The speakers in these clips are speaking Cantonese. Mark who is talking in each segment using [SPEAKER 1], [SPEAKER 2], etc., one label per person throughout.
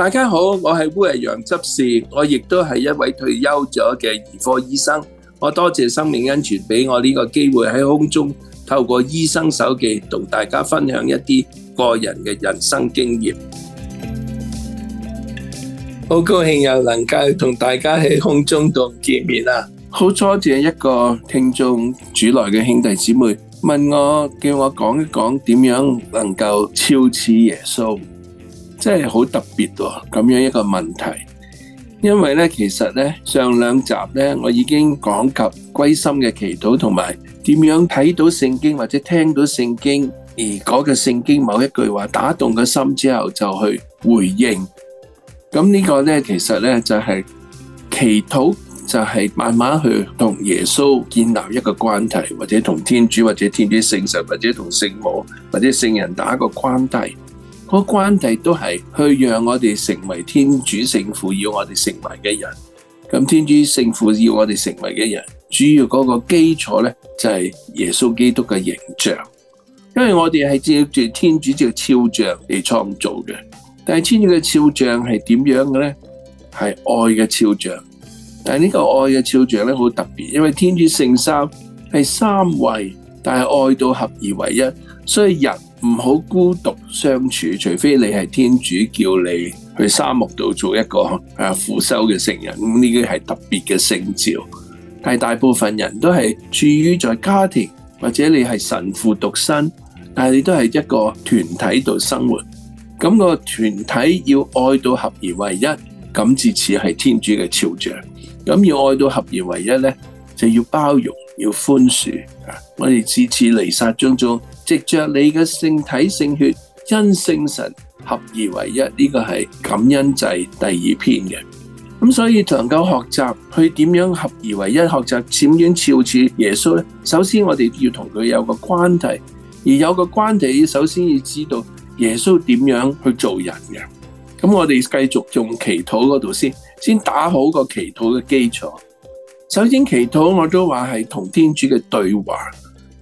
[SPEAKER 1] 大家好，我係烏羊執事，我亦都係一位退休咗嘅兒科醫生。我多謝生命恩泉俾我呢個機會喺空中透過醫生手記同大家分享一啲個人嘅人生經驗。好高興又能夠同大家喺空中度見面啦！好多謝一個聽眾主內嘅兄弟姊妹問我，叫我講一講點樣能夠肖似耶穌。真係好特別喎，咁樣一個問題，因為呢，其實呢，上兩集呢，我已經講及歸心嘅祈禱，同埋點樣睇到聖經或者聽到聖經，而嗰個聖經某一句話打動個心之後，就去回應。咁呢個呢，其實呢就係祈禱，就係慢慢去同耶穌建立一個關係，或者同天主或者天主聖神或者同聖母或者聖人打一個關係。個關係都係去讓我哋成為天主聖父要我哋成為嘅人，咁天主聖父要我哋成為嘅人，主要嗰個基礎咧就係耶穌基督嘅形象，因為我哋係照住天主嘅肖像嚟創造嘅，但係天主嘅肖像係點樣嘅咧？係愛嘅肖像，但係呢個愛嘅肖像咧，好特別，因為天主聖三係三位，但係愛到合二為一，所以人，唔好孤獨相處，除非你係天主叫你去沙漠度做一個啊苦修嘅聖人，咁呢啲係特別嘅聖召，但係大部分人都係處於在家庭，或者你係神父獨身，但係你都係一個團體度生活。咁個團體要愛到合而為一，咁至似係天主嘅肖像。咁要愛到合而為一呢，就要包容，要寬恕。啊，我哋次次尼撒將宗。藉著你嘅聖體、聖血、因聖神合而為一，呢、這個係感恩祭第二篇嘅。咁、嗯、所以能夠學習去點樣合而為一，學習點樣照住耶穌呢，首先我哋要同佢有個關係，而有個關係，首先要知道耶穌點樣去做人嘅。咁、嗯、我哋繼續用祈禱嗰度先，先打好個祈禱嘅基礎。首先祈禱，我都話係同天主嘅對話。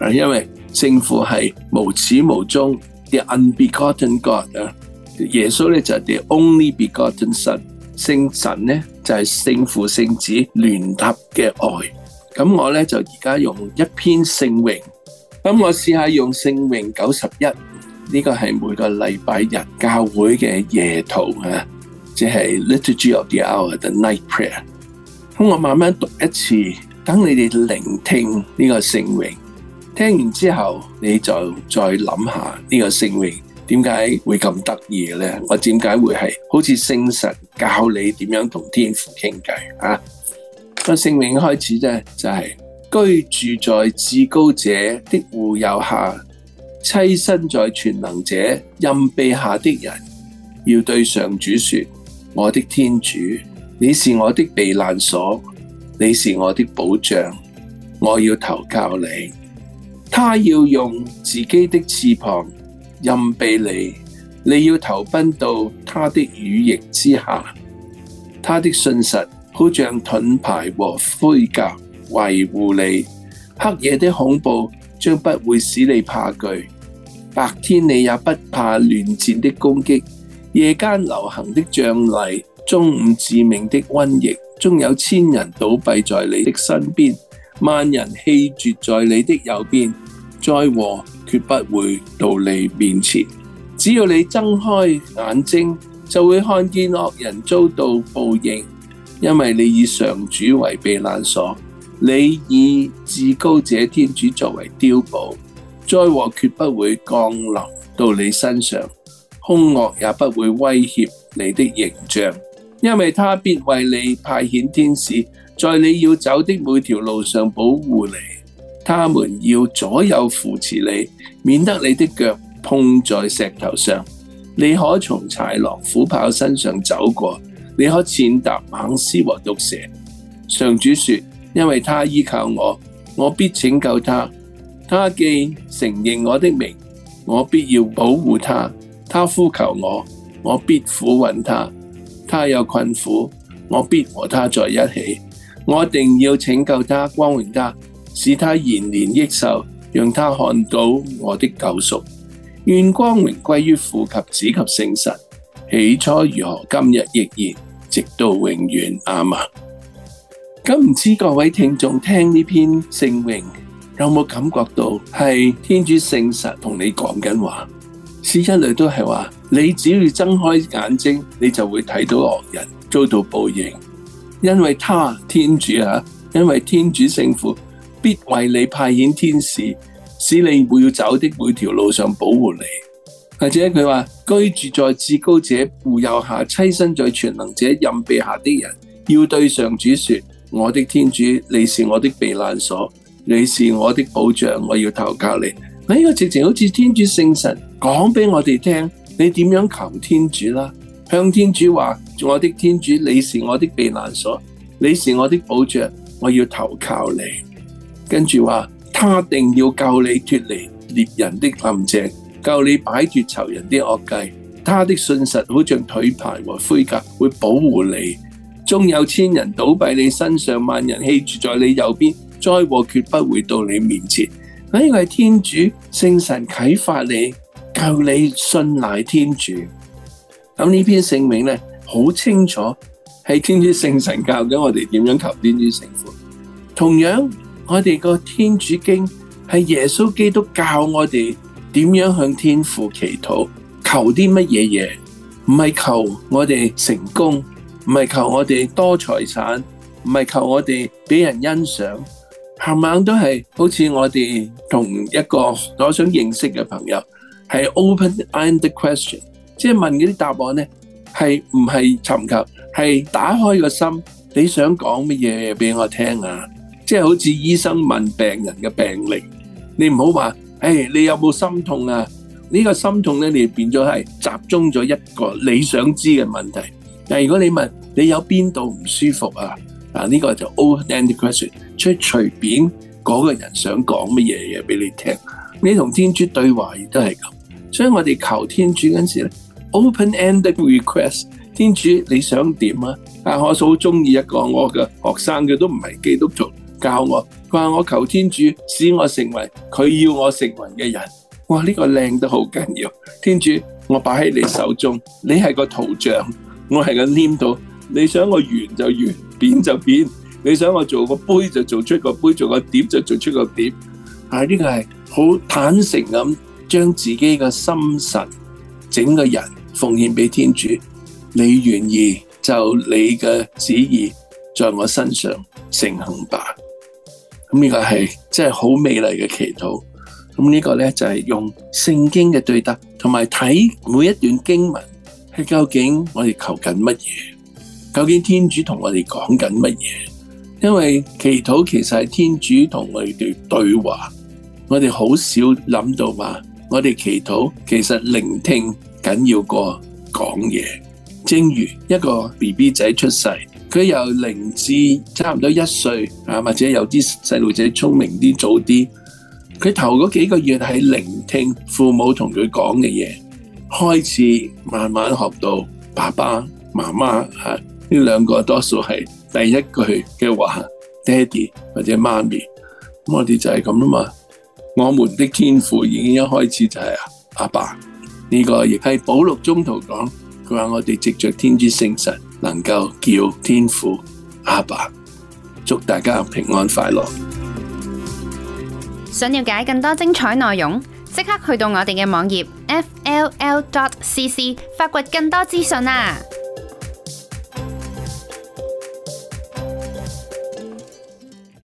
[SPEAKER 1] 啊，因為聖父係無始無終，the unbegotten God 啊，耶穌咧就 the only begotten Son，聖神咧就係聖父聖子聯合嘅愛。咁我咧就而家用一篇聖詠，咁我試下用聖詠九十一，呢個係每個禮拜日教會嘅夜禱啊，即係 liturgy of the hour the night prayer。咁我慢慢讀一次，等你哋聆聽呢個聖詠。聽完之後，你就再諗下呢個聖詠點解會咁得意呢？我點解會係好似聖神教你點樣同天父傾偈啊？那個聖詠開始咧就係、是、居住在至高者的護佑下，棲身在全能者蔭庇下的人，要對上主說：我的天主，你是我的避難所，你是我的保障，我要投靠你。他要用自己的翅膀任避你，你要投奔到他的羽翼之下。他的信實好像盾牌和盔甲，維護你。黑夜的恐怖將不會使你怕懼，白天你也不怕亂箭的攻擊，夜間流行的瘴癘，中午致命的瘟疫，終有千人倒斃在你的身邊。萬人棄絕在你的右邊，災禍決不會到你面前。只要你睜開眼睛，就會看見惡人遭到報應，因為你以上主為避難所，你以至高者天主作為碉堡，災禍決不會降臨到你身上，凶惡也不會威脅你的形象。因為他必為你派遣天使，在你要走的每條路上保護你，他們要左右扶持你，免得你的腳碰在石頭上。你可從豺狼、虎豹身上走過，你可踐踏猛獅和毒蛇。上主說：因為他依靠我，我必拯救他；他既承認我的名，我必要保護他；他呼求我，我必俯允他。他有困苦，我必和他在一起，我一定要拯救他，光榮他，使他延年益壽，讓他看到我的救贖。願光榮歸於父及子及聖神，起初如何，今日亦然，直到永遠。亞孟，咁唔知各位聽眾聽呢篇聖詠有冇感覺到係天主聖神同你講緊話？一類是一嚟都係話，你只要睜開眼睛，你就會睇到惡人遭到報應，因為他天主啊，因為天主聖父必為你派遣天使，使你每要走的每條路上保護你。或者佢話居住在至高者護佑下，棲身在全能者蔭庇下的人，要對上主說：我的天主，你是我的避難所，你是我的保障，我要投靠你。呢、哎這個直情好似天主聖神。講俾我哋聽，你點樣求天主啦？向天主話：我的天主，你是我的避難所，你是我的保障，我要投靠你。跟住話，他定要救你脫離獵人的陷阱，救你擺脫仇人的惡計。他的信實好像盾牌和盔甲，會保護你。縱有千人倒閉你身上，萬人棄住在你右邊，災禍絕不會到你面前。呢個係天主聖神啟發你。求你信賴天主。咁呢篇聖詠咧，好清楚係天主聖神教緊我哋點樣求天主聖父。同樣，我哋個天主經係耶穌基督教我哋點樣向天父祈禱，求啲乜嘢嘢？唔係求我哋成功，唔係求我哋多財產，唔係求我哋俾人欣賞。冚唪唥都係好似我哋同一個我想認識嘅朋友。係 open-ended question，即係問嗰啲答案咧，係唔係尋求，係打開個心，你想講乜嘢俾我聽啊？即係好似醫生問病人嘅病歷，你唔好話，誒你有冇心痛啊？呢個心痛咧，你變咗係集中咗一個你想知嘅問題。但係如果你問你有邊度唔舒服啊？嗱，呢個就 open-ended question，即係隨便嗰個人想講乜嘢嘢俾你聽。你同天主對話亦都係咁，所以我哋求天主嗰陣時咧，open ended request，天主你想點啊？但我好中意一個我嘅學生，佢都唔係基督徒，教我佢話，我求天主使我成為佢要我成為嘅人。哇，呢個靚得好緊要，天主我擺喺你手中，你係個陶匠，我係個黏土。你想我圓就圓，扁就扁，你想我做個杯就做出個杯，做個碟，做個碟就做出個碟。係呢、啊，這個係好坦誠咁，將自己嘅心神、整個人奉獻俾天主。你願意就你嘅旨意在我身上成行吧。咁、嗯、呢、這個係真係好美麗嘅祈禱。咁、嗯，這個、呢個咧就係、是、用聖經嘅對答，同埋睇每一段經文係究竟我哋求緊乜嘢？究竟天主同我哋講緊乜嘢？因為祈禱其實係天主同我哋對話，我哋好少諗到話，我哋祈禱其實聆聽緊要過講嘢。正如一個 BB 仔出世，佢由零至差唔多一歲啊，或者有啲細路仔聰明啲早啲，佢頭嗰幾個月係聆聽父母同佢講嘅嘢，開始慢慢學到爸爸媽媽啊呢兩個多數係。第一句嘅話，爹哋或者媽咪，我哋就係咁啦嘛。我們的天父已經一開始就係阿爸呢個，亦係保祿中途講。佢話我哋藉着天主聖神，能夠叫天父阿爸。祝大家平安快樂。想了解更多精彩內容，即刻去到我哋嘅網頁 f l l dot c c，發掘更多資訊啊！